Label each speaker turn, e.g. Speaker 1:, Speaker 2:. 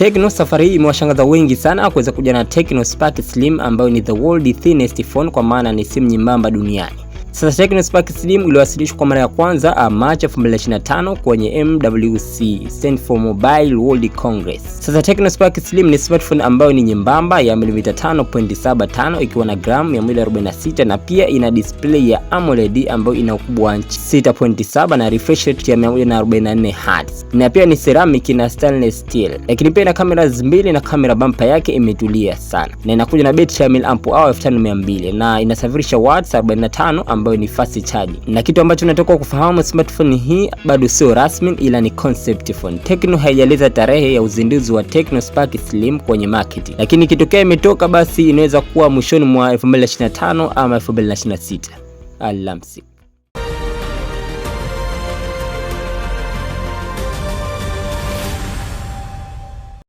Speaker 1: Tecno safari hii imewashangaza wengi sana kuweza kuja na Tecno Spark Slim ambayo ni the world thinnest phone, kwa maana ni simu nyembamba duniani. Sasa Tecno Spark Slim iliwasilishwa kwa mara ya kwanza ah, Machi 2025 kwenye MWC, Stand for Mobile World Congress. Sasa Tecno Spark Slim ni smartphone ambayo ni nyembamba ya milimita 5.75 ikiwa na gramu 146 na pia ina display ya AMOLED ambayo ina ukubwa wa 6.7 na refresh rate ya 144 Hz. Na pia ni ceramic na stainless steel. Lakini pia ina kamera mbili na kamera bampa yake imetulia sana. Na inakuja na betri ya mAh 5200 na inasafirisha watts 45 ambayo ni fast charge. Na kitu ambacho natoka kufahamu, smartphone hii bado sio rasmi, ila ni concept phone. Tecno haijaeleza tarehe ya uzinduzi wa Tecno Spark Slim kwenye market, lakini ikitokea imetoka, basi inaweza kuwa mwishoni mwa 2025 ama 2026. Alamsik.